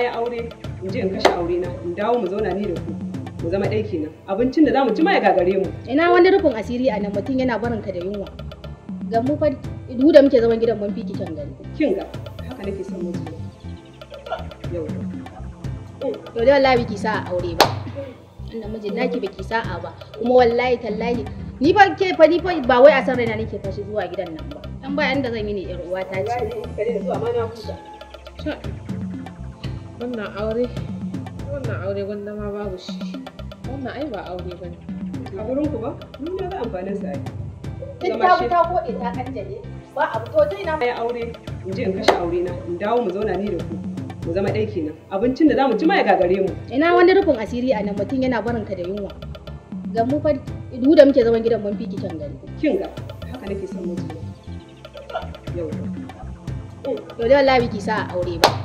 ya aure in ji in kashe aure na in dawo mu zauna ni da ku mu zama ɗai kenan abincin da zamu ci ma ya gagare mu ina wani rufin asiri a nan mutum yana barin ka da yunwa ga mu fa mu da muke zaman gidan mun fi kicin gari kin ga haka nake son mutu yau to dai wallahi biki sa aure ba annan mijin naki biki sa'a ba kuma wallahi tallahi ni fa ke fa ni fa ba wai a san raina nake fashi zuwa gidan nan ba dan ba yanda zan yi ne yar uwa ta ce kare zuwa ma na huta wannan aure wannan aure wanda ma babu shi wannan ai ba aure ba ne a wurin ku ba mun ne amfanin sa ai duk ta ta ko ita kan jale ba abu to dai na ai aure in je in kashe aure na in dawo mu zauna ni da ku mu zama dai kenan abincin da zamu ci ma ya gagare mu ina wani rufin asiri a nan mutun yana barin ka da yunwa ga mu fa mu da muke zaman gidan mun fi kitan gari kin ga haka nake son mutum yau to dai wallahi biki sa aure ba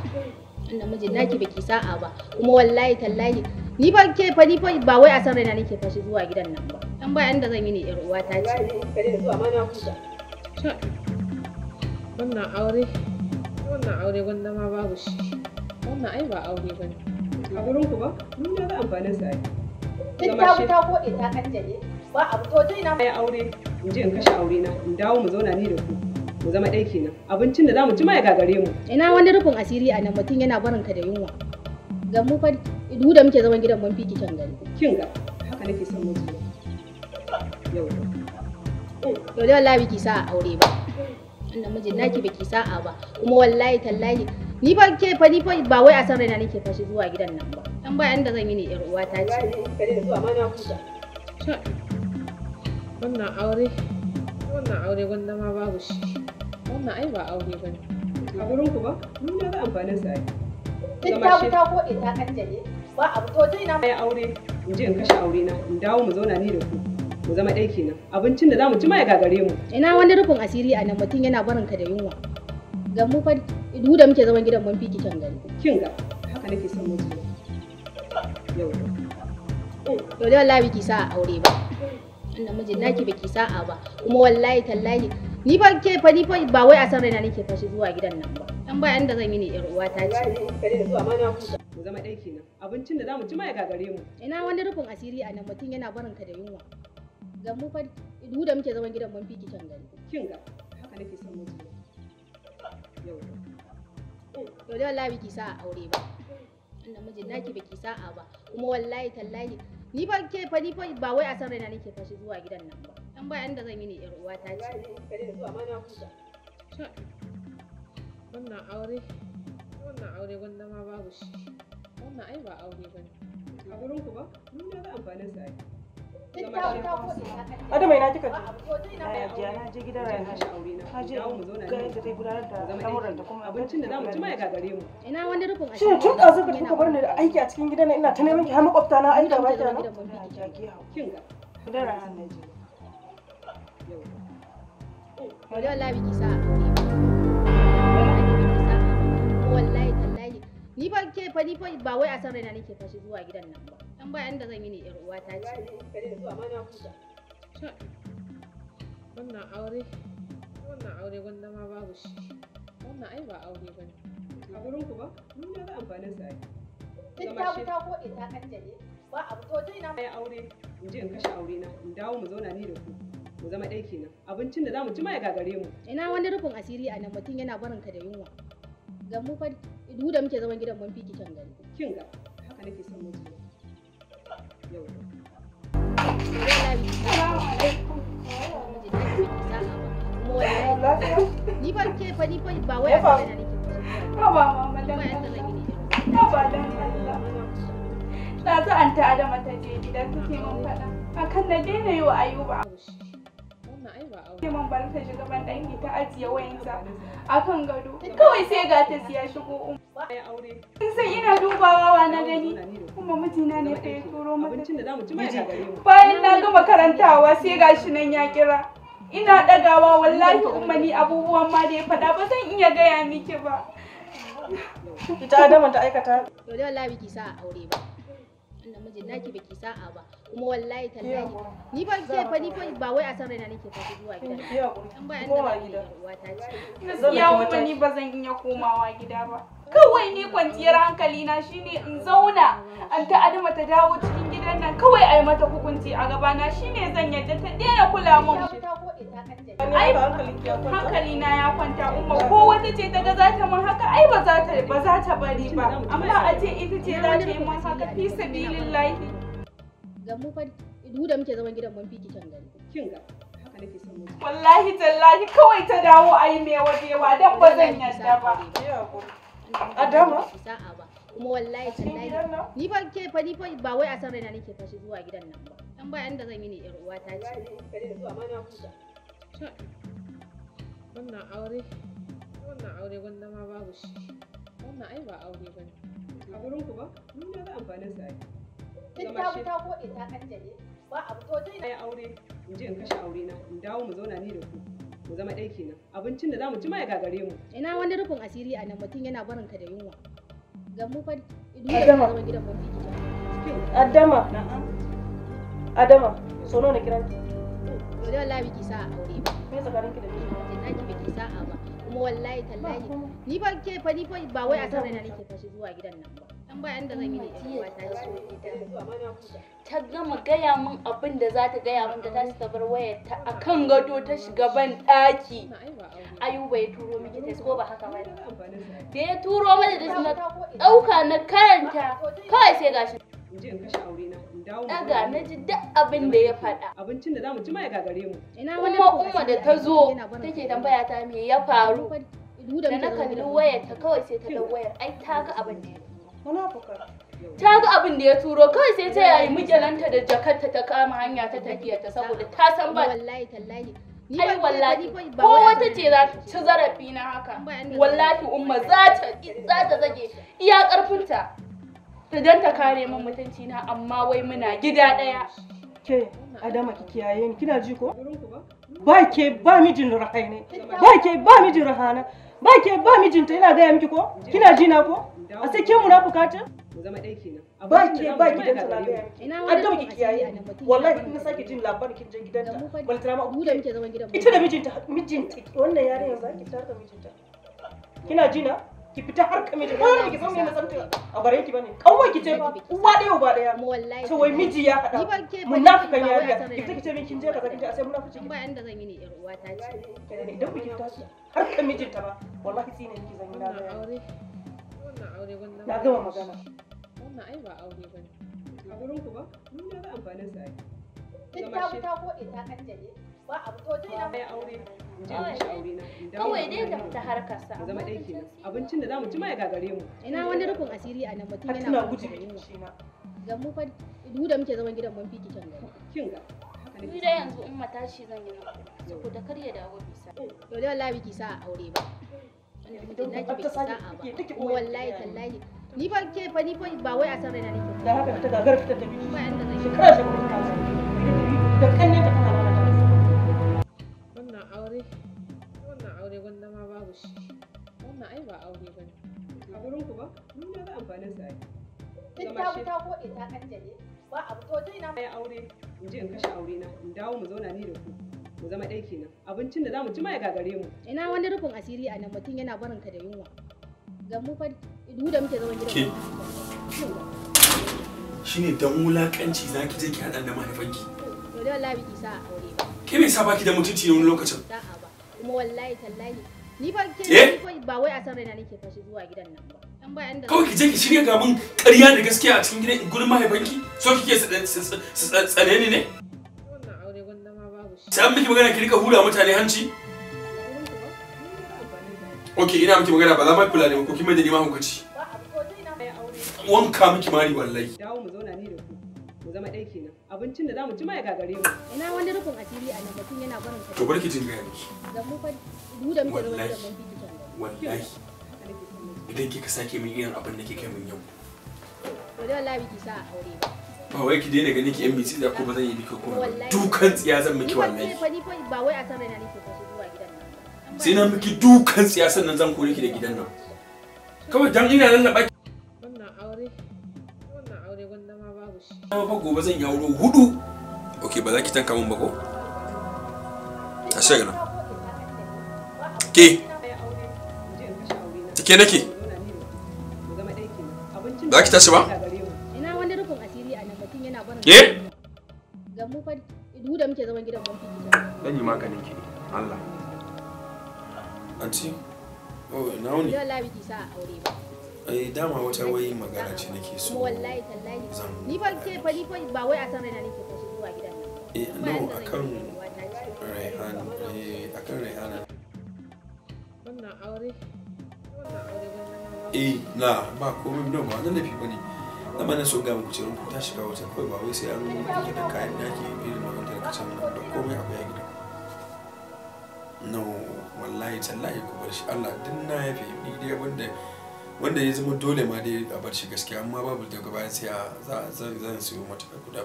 namiji mijin naki baki sa'a ba kuma wallahi tallahi ni ba ke fa ni fa ba wai a san raina nake fashi zuwa gidan nan ba dan ba yanda zan yi ne yar uwa ta ce wannan aure wannan aure gwanda ma babu shi wannan ai ba aure bane a gurin ku ba mun ga amfanin sa ai duk ta wuta ko ita kanta ne ba abu to dai na mai aure in je in kashe aure na in dawo mu zauna ni da ku mu zama ɗai kenan abincin da zamu ci ma ya gagare mu ina wani rufin asiri a nan mutum yana barin ka da yunwa ga mu fa duk da muke zaman gidan mun fi kitan gari kin ga haka nake son mu yau to dai wallahi biki sa aure ba wannan mijin naki biki sa'a ba kuma wallahi tallahi ni fa ke fa ni fa ba wai a san raina nake fashi zuwa gidan nan ba dan ba yanda zan yi ne yar uwa ta ce wannan aure wannan aure gwanda ma babu shi Wannan ai ba aure ba ne. A gurin ku ba? Mun ya ga amfanin sa ai. Duk ta wuta ko in ta ne, Ba abu to dai na. Ya aure, in je in kashe aure na, in dawo mu zauna ni da ku. Mu zama ɗai kenan. Abincin da za mu ci ma ya gagare mu. Ina wani rufin asiri a nan mutum yana barin ka da yunwa. Ga mu fa duk da muke zaman gidan mun fi kicin gari. Kin ga haka nake son mutum. Yau. Dole wallahi ki sa aure ba. Wannan mijin naki baki sa'a ba kuma wallahi tallahi Ni ba ke fa ni fa ba wai a san raina nake fa shi zuwa gidan nan ba. Dan ba yanda zan yi ne yar uwa ta ce. Kare da zuwa ma na huta. Mu zama ɗai kenan. Abincin da zamu ci ma ya gagare mu. Ina wani rufin asiri a nan mutum yana barin ka da yunwa. Ga mu fa du da muke zaman gidan mun fi kicin gari. Kin ga haka nake son mu zuwa. Yau. Yau da wallahi biki sa aure ba. Wannan mijin naki biki a ba. Kuma wallahi tallahi ni ba ke fa ni fa ba wai a san raina nake fa shi zuwa gidan nan ba. Dan ba inda zan yi ne yar uwa ta ce. Wannan aure, wannan aure gwanda ma babu shi. Wannan ai ba aure ba ne. A ba? Mun za sa Adama ina kika na je gidan shi aure na. ga yadda gudanar da kuma abincin da zamu ci mu. Ina wani rufin Shin tun ɗazu kuka bar ni aiki a cikin gidan ina ta neman ki har makwabta na aiki ba ki Gidan na je. Wani wallahi biki ni fa ke fa ni fa ba wai a san raina nake fashi zuwa gidan nan ba dan ba yanda zan yi ne ƴar uwa ta ce wannan aure wannan aure gwanda ma babu shi wannan ai ba aure bane a gurin ku ba mun da amfanin sa ai duk ta wuta ko ta kanjale ba abu to dai na mai aure je in kashe aure na in dawo mu zauna ni da ku mu zama ɗai kenan abincin da zamu ci ma ya gagare mu ina wani rufin asiri a nan mutum yana barin ka da yunwa ga mu fa du da muke zaman gidan mun fi kicin gari kin ga haka nake son mu yau ni ba ke fa ni fa ba wai ba ne ba ba ma dan ba ta ba dan Allah na ta anta adama ta je gidan take mun fada akan na daina yi wa ayuba ne man bari ta shiga ban ɗanki ta ajiye wayansa a kan gado kawai sai ga ta siya shigo um sai ina dubawa wa na gani kuma mijina ne fa ya turo mata bayan na gama karantawa sai gashi nan ya kira ina ɗagawa wallahi ni abubuwan ma da ya faɗa ba zan iya gaya miki ba ita adama ta aikata to dai wallahi biki sa aure ba inda mijin naki biki sa'a ba kuma wallahi tallahi ni ba ke fa ni ba wai a san raina nake fa zuwa gida in ba an da gida wata ce ni ba zan iya komawa gida ba kawai ni kwanciyar hankali na shine in zauna an ta adama ta dawo cikin gidan nan kawai ai mata hukunci a gaba na shine zan yadda ta daina kula mun ai hankali na ya kwanta umma ko wata ce ta ga za ta mun haka ai ba za ta ba za ta bari ba amma a ce ita ce za ta yi mun haka fi sabilillahi ga mu fa duk da muke zaman gidan mun fi gari kin ga haka nake son mutum wallahi tallahi kawai ta dawo ayi me wajewa dan ba zan yarda ba adama sa'a ba kuma wallahi tallahi ni fa ke fa ni fa ba wai a san raina nake tashi zuwa gidan nan ba dan ba yanda zan yi ne yar uwa ta ce wannan aure wannan aure gwanda ma babu shi wannan ai ba aure bane a gurin ku ba mun da amfanin sa Duk ta wuta ko in ta kanjale ba abu to dai na aure mu je in kashe aure na in dawo mu zauna ni da ku mu zama kenan abincin da zamu ci ma ya gagare mu. Ina wani rufin asiri a nan yana barin ka da yunwa. Ga mu fa idan zama gidan mu ji Adama. Adama, so nawa kiran ki? Dole wallahi sa aure ba. Me ki da biki sa'a ba. Kuma wallahi tallahi ni ba ke fa ni fa ba wai a san raina nake fashi zuwa gidan nan ba. ta gama gaya min abin da za ta gaya min da ta ta bar wayar ta a kan gado ta shiga ban ɗaki. Ayuba ya turo miki ta ko ba haka ba Da ya turo mata da na ɗauka na karanta kawai sai gashi. Daga na ji duk abin da ya faɗa. Abincin da zamu ci ma gagare mu. Kuma umma da ta zo take tambaya ta me ya faru. Da na kalli wayar ta kawai sai ta dau wayar ai ta ga abin da ya ta ga abin da ya turo kawai sai ta yayi mijalanta da jakarta ta kama hanya ta tafiya ta saboda ta san ba wallahi tallahi ai wallahi ko wata ce za ta ci zarafi na haka wallahi umma za ta za ta zage iya karfinta ta dan ta kare min mutunci na amma wai muna gida daya ke adama ki kiyaye ni kina ji ko ba ke ba mijin rahane ba ke ba mijin rahana ba ke ba mijinta ina gaya miki ko kina ji na ko A sai ke munafuka ce? Mu zama Ba ke ba gidan ta lafiya. An da kiyaye. Wallahi in na jin labarin kin je gidan Wani tana da muke zaman gidan. Ita da mijinta mijinta wannan yarinya mijinta. Kina jina ki fita har ka mijinta wani ki san me na santa a bare ki bane kawai ki ce ba uwa wallahi wai miji ya munafikan ki fita ki ce min kin je kaza kin je a sai munafiki ba inda zan yi ne yar uwa ta ce idan ku ki tashi har ka mijinta ba wallahi zan yi na Wannan aure wannan. Na gama magana. Wannan ai ba aure ba ne. A gurin ku ba? Mun ya ga amfanin sa ai. Duk ta wuta ko ita kanjale. Ba abu to dai na. Ai aure. Kawai dai da ta harkar sa. Zama dai kenan. Abincin da zamu ci ma ya gagare mu. Ina wani rukun asiri a nan mutum yana. Ina gudu shi ma. Ga mu fa mu da muke zaman gidan mun fi kitan gari. Kin ga. Ni da yanzu umma tashi zan yi. Saboda kar da dawo bisa. Dole wallahi biki sa aure ba. ni fa ke fa da haka ta ta ta wannan aure wannan aure gwanda ma babu shi wannan ai ba aure bane a gurin ba mun ga amfanin sa ai ta ta ko ita kanjale ba abu to dai na aure in je in kashe aure na in dawo mu zauna ni da ku mu zama ɗai kenan abincin da zamu ci ma ya gagare mu ina wani rufin asiri a nan mutum yana barin ka da yunwa ga mu fa mu da muke zaman gidan shine dan wulakanci zaki je ki hada da mahaifanki to dai wallahi ki sa aure ba ke me sa baki da mutunci ne wani lokacin da'a ba kuma wallahi tallahi ni ba ke ba wai a san raina nake fashi zuwa gidan nan ba an ba yanda kawai ki je ki shirya ga mun ƙarya da gaskiya a cikin gidan gurin mahaifanki so kike tsane ne ne sai miki magana ki rika hura mutane hanci ok ina miki magana ba za ma ko kima da nima hukaci wanka miki mari wallahi dawo mu zauna ni da ku mu zama kenan abincin da zamu ci ma ya gagare mu ina wani asiri a nan mutum yana barin to barki jin gaya da mu fa mu da muke da wani wallahi idan kika sake min irin abin da kike min yau to wallahi ki sa aure ba ba wai ki daina ganin ki yan mitsi da ko ba zan yi miki ko zan miki wallahi ba wai a nake na zan kore ki da gidan nan kawai dan ina nan na baki wannan aure wannan gobe zan yi aure hudu okay ba za ki tanka min ba ko ke ke nake za ki tashi ba Ke? Eh? mu fa da muke zaman gidan mun fi Dan yi maganin ki. Allah. Oh, wuni. labi ki sa aure ba. Eh dama wata magana ce nake so. Wallahi tallahi. Ni fa ke fa ni fa ba wai a san raina nake so zuwa gidan. Eh no akan Rayhan eh akan Wannan aure. Wannan aure Eh na ba komai don ba bane. zama na so gama kujerun ku ta shiga wata kawai ba wai sai an yi da kayan daki irin na wanda ka can nan da komai akwai a gida no wallahi tallahi ku bar Allah din na yafe ni dai wanda wanda ya zama dole ma dai a bar shi gaskiya amma babu da gaba sai a zan zan siyo mata guda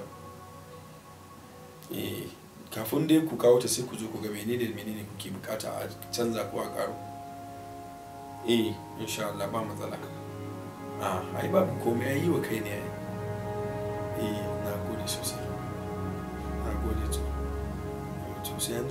eh kafin dai ku kawo ta sai ku zo ku ga menene da menene kuke bukata a canza ko a karo eh insha Allah ba matsala a ah, ai babu komai ya yi wa kai ne ai eh na gode sosai na gode to to sai an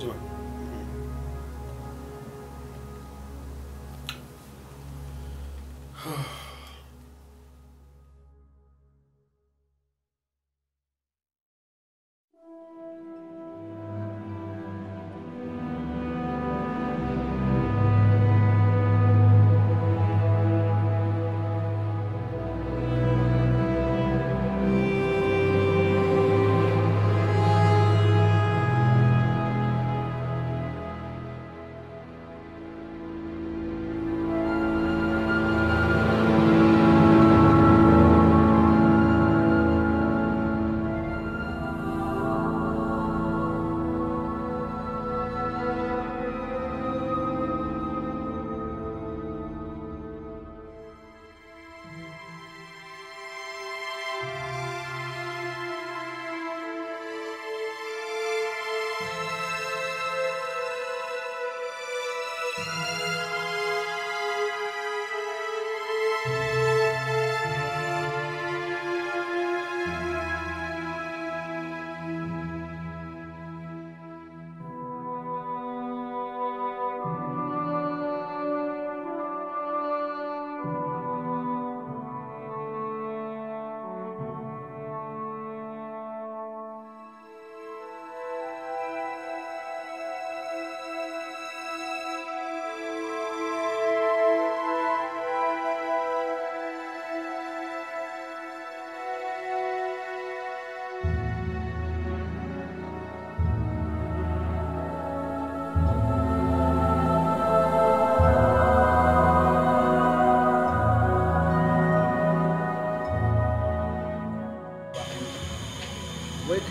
Música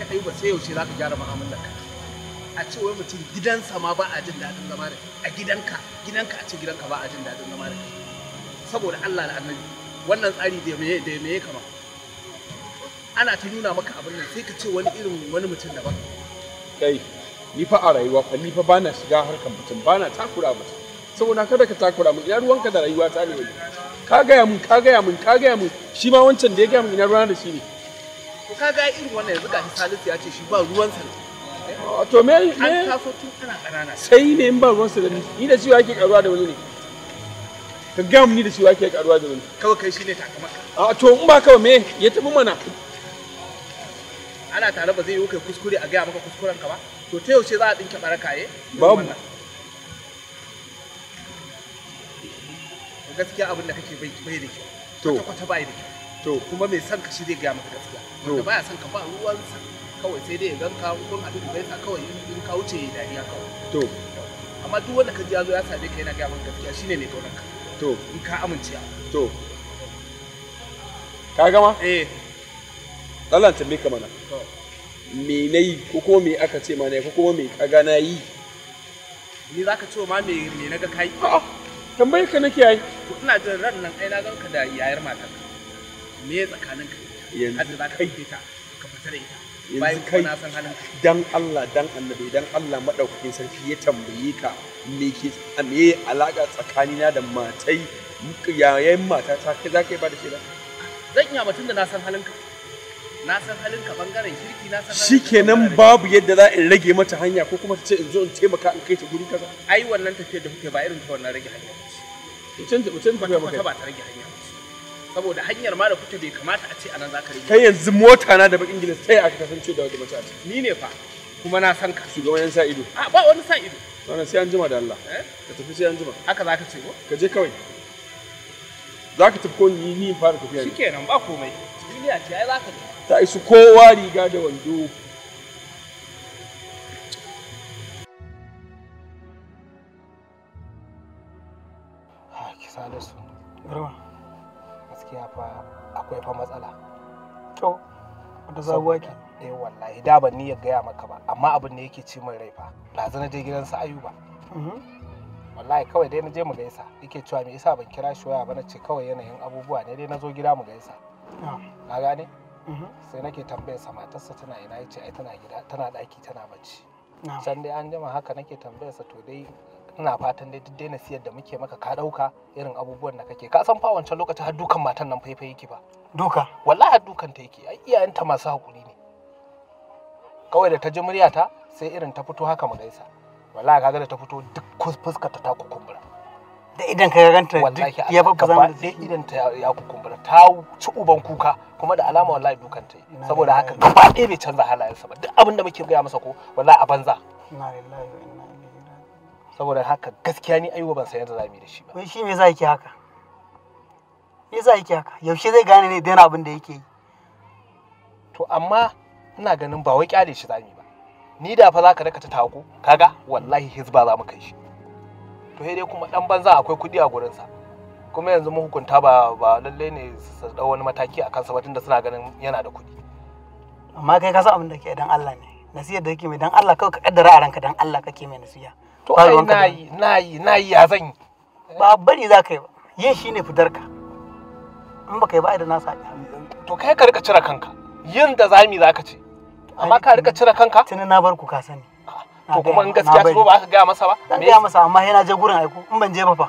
kaɗai ba sai yaushe za ka gyara mu'amalar ka a ce wai mutum gidansa ma ba a jin daɗin zama da a gidanka gidanka a ce gidanka ba a jin daɗin zama da saboda Allah da annabi wannan tsari da me da me kama ana ta nuna maka abin nan sai ka ce wani irin wani mutum daban kai ni fa a rayuwa fa ni fa bana shiga harkan mutum bana takura mutum saboda kada ka takura mun ina ruwanka da rayuwa ta ne ka gaya mun ka gaya mun ka gaya mun shi ma wancan da ya gaya mun ina ruwana da shi ne to ka ga irin wannan yanzu gashi salisu ya ce shi ba ruwan sa ne to me me an taso tun ana ƙanana sai ne in ba ruwansa da ni ni da cewa yake karuwa da wani ne ka gaya ni da cewa yake karuwa da wani kawai kai shine takamaka a to in ba kawai me ya tafi mana ana tare ba zai yi kai kuskure a gaya maka kuskuren ka ba to ta yaushe za a dinke baraka ye eh? babu gaskiya abin da kake bai da kyau kwata-kwata bai da kyau to kuma mai son ka shi zai gaya maka gaskiya wanda baya son ka ba ruwan sa kawai sai dai ya ganka kun haɗu da gaisa kawai in ka wuce ya dariya kawai to amma duk wanda ka ji yazo ya same ka yana gaya maka gaskiya shine mai kaunar ka to in ka amince to ka gama eh Allah tambaye ka mana me na yi ko kuma me aka ce mana ko kuma me kaga na yi ni zaka ce ma me me naga kai tambaye ka nake yayi ina jin ran nan ai na ka da yayar matar. me tsakanin ka yanzu za ka ita ka fita da ita bayan kai na san halin ka dan Allah dan annabi dan Allah madaukakin sarki ya tambaye ka me ke me alaka tsakanina da matai yayayin mata ta ka yi ba da shaida zan iya mutum da na san halin ka na san halin ka bangaren kirki na san shikenan babu yadda za in rage mata hanya ko kuma ta ce in zo in taimaka in kai ta guri kaza ai wannan tafiyar da kuke ba irin ta wannan rage hanya mutum mutum ba ta rage hanya saboda hanyar ma da kuke bai kamata a ce a nan za ka rage kai yanzu mota na da bakin gidan sai aka kasance da wata mace a ciki ni ne fa kuma na san ka shugaban yan sa ido a ba wani sa ido wannan sai an jima da Allah eh? ka tafi sai an jima haka za ka ce ko ka je kawai za ka tafi ko ni ni fara tafiya shikenan ba komai duniya ce ai za ka ta isu kowa riga da wando Salisu, Rawa. ya fa akwai fa matsala to wata sabuwa ke eh wallahi da ban ni ya gaya maka ba amma abin da yake ci min rai fa ɗazu na je gidan su ayuba mm-hmm. wallahi kawai dai na je mu gaisa yake cewa me yasa ban kira shi waya ba na ce kawai yanayin abubuwa ne dai na zo gida mu gaisa ah. ka gane mm-hmm. sai nake tambayar sa matarsa tana ina yace ai tana gida tana daki tana bacci ah. can dai an jima haka nake tambayar sa to dai ina fatan dai duk daina siyar da muke maka ka dauka irin abubuwan da kake ka san fa wancan lokacin har dukan matan nan faifai yake ba duka wallahi har dukan ta yake ai iyayenta masu hakuri ne kawai da ta ji ta sai irin ta fito haka mu gaisa wallahi kaga da ta fito duk fuskar ta ta kukumbura da idan ka ganta duk ya babba zamu da idan ta ya kukumbura ta ci uban kuka kuma da alama wallahi dukan ta yi saboda haka ba ɗaya bai canza halayensa ba duk abin da muke gaya masa ko wallahi a banza na lillahi wa inna saboda haka gaskiya ni ayuba ban san yadda za mu yi da shi ba wai shi me yasa yake haka me yasa yake haka yaushe zai gane ne dena abin da yake yi to amma ina ganin ba wai kyale shi za mu yi ba ni da fa zaka daka ta tako kaga wallahi hizba za mu kai shi to sai dai kuma dan banza akwai kudi a gurin sa kuma yanzu mahukunta ba ba lalle ne su dau wani mataki a kansa ba da suna ganin yana da kudi amma kai ka san abin da ke dan Allah ne nasiyar da kake mai dan Allah kawai ka kaddara a ranka dan Allah kake mai nasiya to ai na yi na yi na yi ya zan ba bari za ka yi ba yin shi ne fitar ka in ba ka yi ba ai da na saki to kai ka rika cire kanka yin da zami za ka ce amma ka rika cire kanka tuni na bar ku ka sani ah, to kuma in gaskiya ce ba ka gaya masa ba zan gaya masa amma yana je gurin aiko in ban je ba fa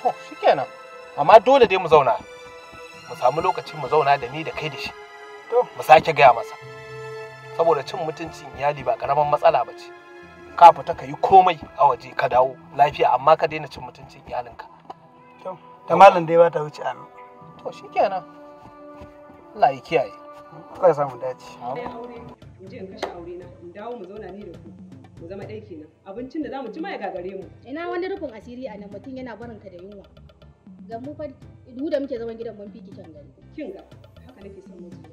to shikenan amma dole dai mu zauna mu samu lokaci mu zauna da ni da kai da shi mu sake gaya masa saboda cin mutuncin iyali ba karaman matsala ba ce ka fita ka yi komai a waje ka dawo lafiya amma ka daina cin mutuncin iyalinka ta malam dai ba ta wuce a nan. to shikenan Allah ya kiyaye ka samu dace in je in kashe aure na in dawo mu zauna ni da ku mu zama ɗai kenan abincin da zamu ci ma ya gagare mu ina wani rufin asiri a nan mutum yana barin ka da yunwa ga mu fa da muke zaman gidan mun fi kicin gari kin ga haka nake son mutum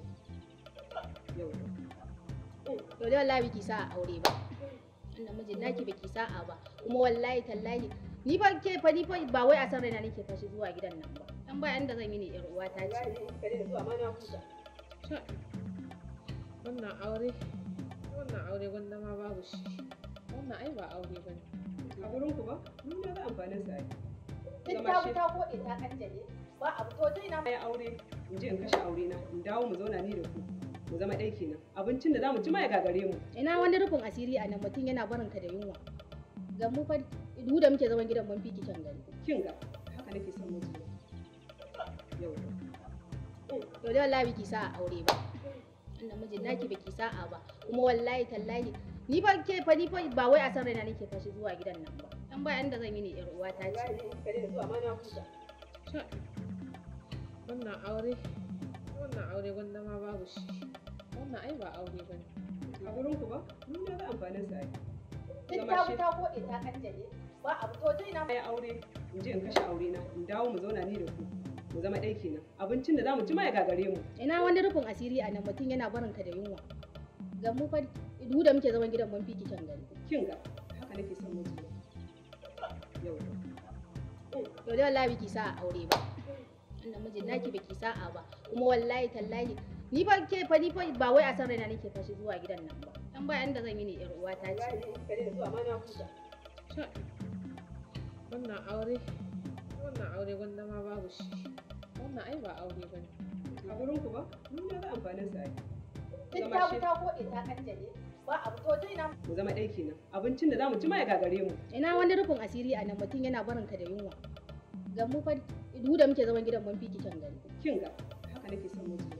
yau to dai wallahi biki sa aure ba inda mijin naki sa'a ba kuma wallahi tallahi ni ba ke fa ni fa ba wai a san raina nake fashi zuwa gidan nan ba dan ba yanda zan yi ne yar uwa ta ce wannan aure wannan aure gwanda ma babu shi wannan ai ba aure a gurin ku ba mun ga amfanin sa ta ko ita kan ba abu to dai na aure in je in kashe aure na in dawo mu zauna ni da ku mu zama ɗai kenan abincin da za mu ci ma ya gagare mu ina wani rufin asiri a nan mutum yana barin ka da yunwa ga mu fa mu da muke zaman gidan mun fi kikin gari. kin ga haka nake son mu yau to da wallahi ki sa aure ba inda mijin naki baki sa'a ba kuma wallahi tallahi ni fa ke fa ni fa ba wai a san raina nake fashi zuwa gidan nan ba dan ba yanda zan yi ne yar uwa ta ce wannan aure wannan aure gwanda ma babu shi wannan ai ba aure ba ne. A gurin ku ba? Mun na ga amfanin sa ai. Duk ta wuta ko ita kanjale ba abu to dai na. Ya aure in je in kashe aure na in dawo mu zauna ni da ku. Mu zama ɗai kenan. Abincin da zamu ci ma ya gagare mu. Ina wani rufin asiri a nan mutum yana barin ka da yunwa. Ga mu fa duk da muke zaman gidan mun fi kicin gari. Kin ga haka nake son mutu. Yau. To dai wallahi ki sa aure ba. Wannan mijin naki baki sa'a ba kuma wallahi tallahi Ni ba ke fa ni fa ba wai a san raina nake fashi zuwa gidan nan ba. Dan ba yanda zan yi ne yar uwa ta ce. Wannan aure wannan aure gwanda ma babu shi. Wannan ai ba aure bane. A gurin ku ba? Mun da amfanin sa ai. Duk ta ko in ta kancale. ba abu to dai na mu zama dai kenan abincin da zamu ci ma ya gagare mu ina wani rufin asiri a nan mutun yana barin ka da yunwa ga mu fa duk da muke zaman gidan mun fi kicin gari kin ga haka nake son mutum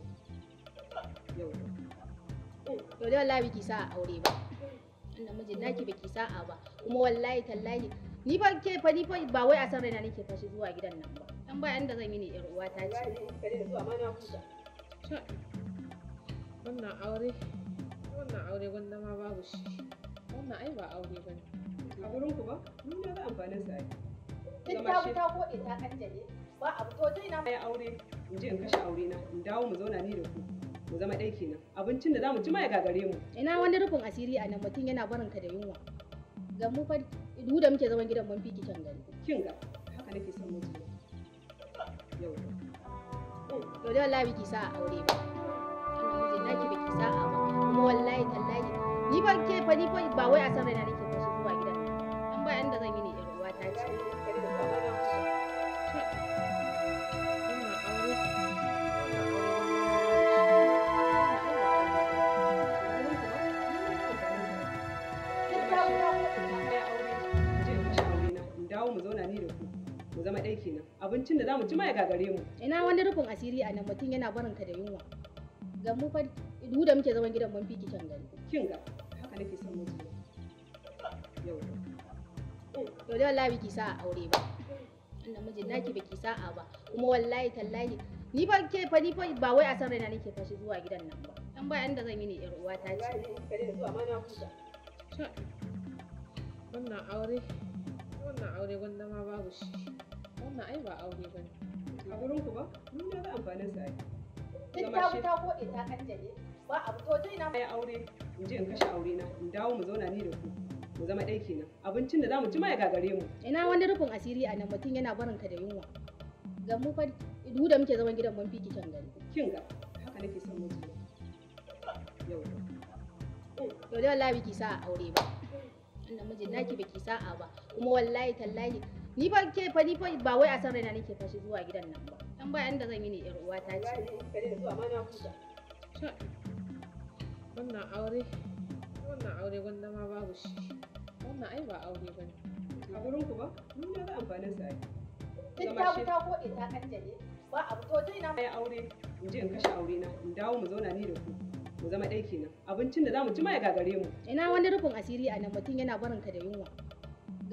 to dai wallahi biki sa'a aure ba inda mijin naki biki sa'a ba kuma wallahi tallahi ni ba ke fa ni fa ba wai a san raina nake fashi zuwa gidan nan ba dan ba inda zan yi ne yar uwa ta ce wannan aure wannan aure gwanda ma babu shi wannan ai ba aure ba ne a gurin ba mun ne ga amfanin sa ai duk ta wuta ko ita kan jale ba abu to dai na aure in je in kashe aure na in dawo mu zauna ni da ku mu zama ɗai kenan abincin da zamu ci ma ya gagare mu ina wani rufin asiri a nan mutum yana barin ka da yunwa ga mu fa mu da muke zaman gidan mun fi gari kin ga haka nake son mu yau to da wallahi biki sa a aure ba Allah mijin naki biki sa a ba kuma wallahi tallahi ni ba ke fa ni ko ba wai a san raina nake ba shi zuwa gidan an ba yanda zan yi ne yar ta ce abincin da zamu ci ma ya gagare mu ina wani rufin asiri a nan mutum yana barin ka da yunwa ga mu fa duk da muke zaman gidan mun fi can gari kin ga haka nake son mu yau to dai wallahi biki sa aure ba wannan mijin naki biki sa a ba kuma wallahi tallahi ni ba ke fa ni fa ba wai a san raina nake fashi zuwa gidan nan ba dan ba yanda zan yi ne yar uwa ta ce wannan aure wannan aure gwanda ma babu shi Wannan ai ba aure ba A gurin ku ba? Mun da amfanin sa ai. Duk ta wuta ko in ta kanjale ba abu to dai na mai aure in je in kashe aure na in dawo mu zauna ni da ku. Mu zama ɗai kenan. Abincin da zamu ci ma ya gagare mu. Ina wani rufin asiri a nan mutum yana barin ka da yunwa. Ga mu fa mu da muke zaman gidan mun fi kicin gari. Kin ga haka nake son mu mutum. Yau. To da wallahi ki sa aure ba. Inda mijin naki ba ki sa'a ba kuma wallahi tallahi Ni ba ke fa ni fa ba wai a san raina nake fashi zuwa gidan nan ba. Dan ba inda zan yi ne yar uwa ta ce. Wannan aure wannan aure gwanda ma babu shi. Wannan ai ba aure ba ne. A gurin ku ba? Mun ga amfanin sa ai. Duk ta wuta ko ita kan jale. Ba abu to dai na mai aure. In je in kashe aure na in dawo mu zauna ni da ku. Mu zama dai kenan. Abincin da za mu ci ma ya gagare mu. Ina wani rufin asiri a nan mutum yana barinka da yunwa.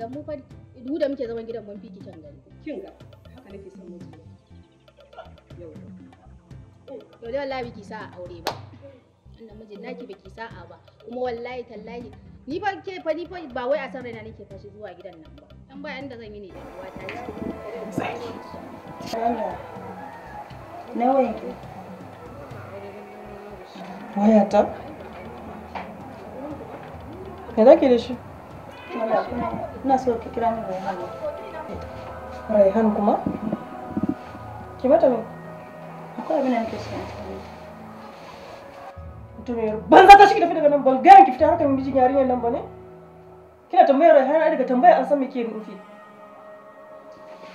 Ga mu fa Idu da muke zaman gidan ban fi kicin gari. Kin ga haka nake son mutu. Yau. Yau da wallahi biki sa'a aure ba. Wannan mijin naki biki a ba. Kuma wallahi tallahi ni ba ke fa ni fa ba wai a san raina nake fashi zuwa gidan nan ba. Dan ba yanda zan yi ne da uwa ta ne. Sai. Nawa yake? Wayata? Me zake da shi? ina so ki kira min Raihan Raihan kuma ki mata me akwai abin da nake so to me ban za ta shi ki tafi daga nan ban ga ki fita harkar mijin yarinyar nan ba ne kina tambayar Raihan ai daga tambaya an san me ke nufi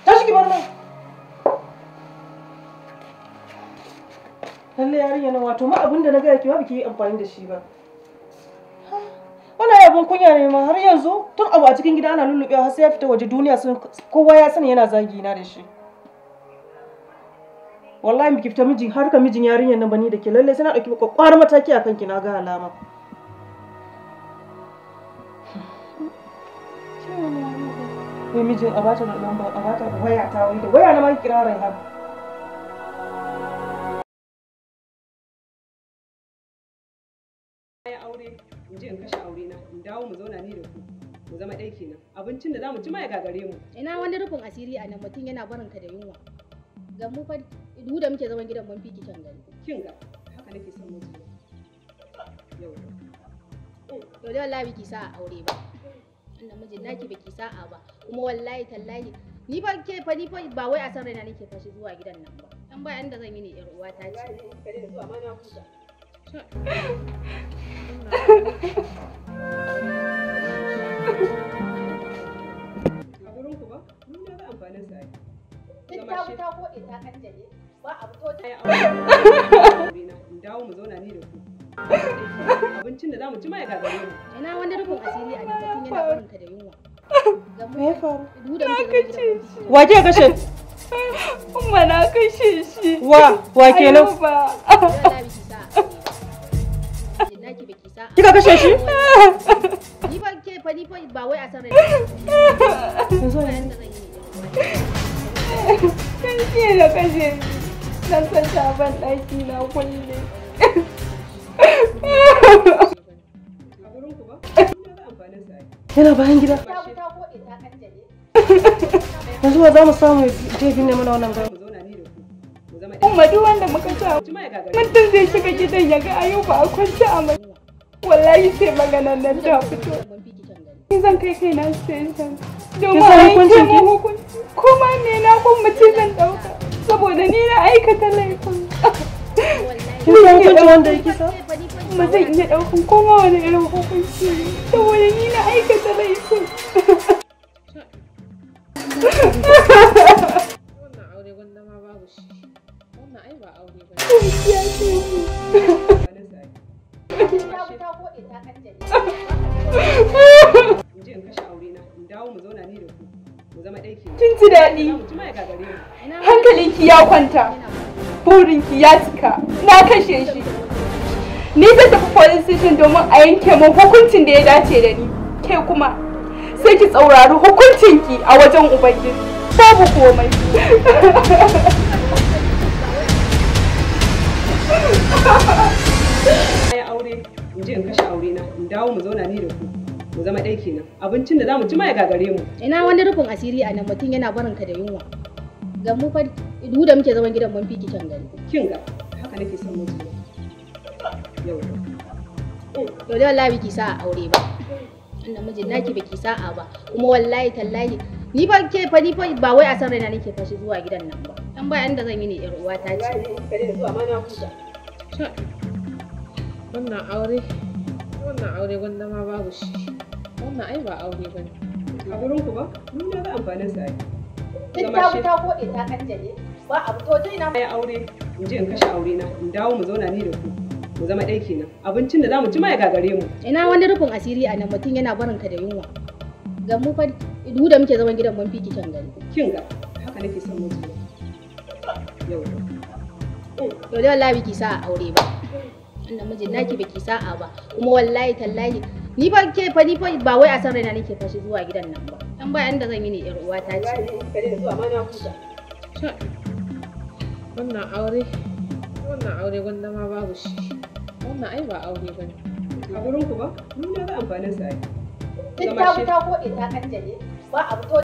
tashi ki bar nan lalle yarinya na wato ma abin da na ga ki ba yi amfani da shi ba abin kunya ne ma har yanzu tun abu a cikin gida ana lullubewa har sai ya fita waje duniya sun kowa ya sani yana zagi na da shi wallahi miki fita mijin har ka mijin yarinyar nan bani da ke lalle sai na dauki kwakwar mataki a kanki na ga alama mijin a bata da lamba a bata waya ta wai da waya na ma kirarin haka abincin da zamu ci ma ya gagare mu ina wani rufin asiri a nan mutum yana barin ka da yunwa ga mu fa mu da muke zaman gidan mun fi gari kin ga haka nake son mu yau to da wallahi ki sa aure ba wannan mijin naki baki sa'a ba kuma wallahi tallahi ni fa ke fa ni fa ba wai a san raina nake fashi zuwa gidan nan ba Dan ba yanda zan yi ne yar uwa ta ce Thank you. ita wuta a mu ci ma ya ina wani rufin asiri a yana barin ka da yunwa me ya faru na shi kashe umma na kashe shi wa wa kenan kika kashe shi ni fa ke fa ni fa ba wai a san rai Kan Yana bayan gida. Yanzu ba za mu samu je binne mana wannan bayan. Umma madu wanda muka sa mutum zai shiga gidan ya ga ayo ba a kwanci a mai. Wallahi sai maganar nan ta fito. Zan kai kai na sai zan. Domin a yanke mu hukunci. Kuma me na kun mutum zan ɗauka saboda ni na aikata laifin. san wanda yake sa kuma zan iya koma wani irin hukunci saboda ni na aikata laifin. in dawo Kin ji daɗi. Hankalinki ya kwanta. Burinki ya cika. Na kashe shi. Ni zai tafi police station domin a yanke min hukuncin da ya dace da ni. Ke kuma sai ki tsaurari hukuncinki a wajen Ubangiji. Babu komai. Ai aure, in in kashe aure na, in dawo mu zauna ni da ku. mu zama ɗai kenan abincin da za mu ci ma ya gagare mu ina wani rufin asiri a nan mutum yana barinka da yunwa ga mu fa du da muke zaman gidan mun fi gari kin ga haka nake son mutum yau to dai wallahi biki sa aure ba wannan mijin naki biki sa'a ba kuma wallahi tallahi ni fa ke fa ni fa ba wai a san raina nake fashi zuwa gidan nan ba dan ba inda zan yi ne yar uwa ta ce wannan aure wannan aure gwanda ma babu shi Wannan ai ba aure ba ne. A gurin ku ba? Mun ga amfanin sa ai. Duk ta ko koɗe ta ne, Ba abu to dai na. Ya aure, in je in kashe aure na, in dawo mu zauna ni da ku. Mu zama ɗaya kenan. Abincin da zamu ci ma ya gagare mu. Ina wani rufin asiri a nan mutum yana barin ka da yunwa. Ga mu fa duk da muke zaman gidan mun fi kicin gari. Kin ga haka nake son mutum. Yau. To dai wallahi biki sa aure ba. Wannan mijin naki biki sa'a ba kuma wallahi tallahi Ni ba ke fa ni fa ba wai a san raina nake fashi zuwa gidan nan ba. Dan ba yanda zan yi ne yar uwa ta ce. zuwa ma na kusa. Wannan aure wannan aure gwanda ma babu shi. Wannan ai ba aure bane. A gurin ku ba? Mun da amfanin sa ai. ta ta ko ita kan jale ba abu to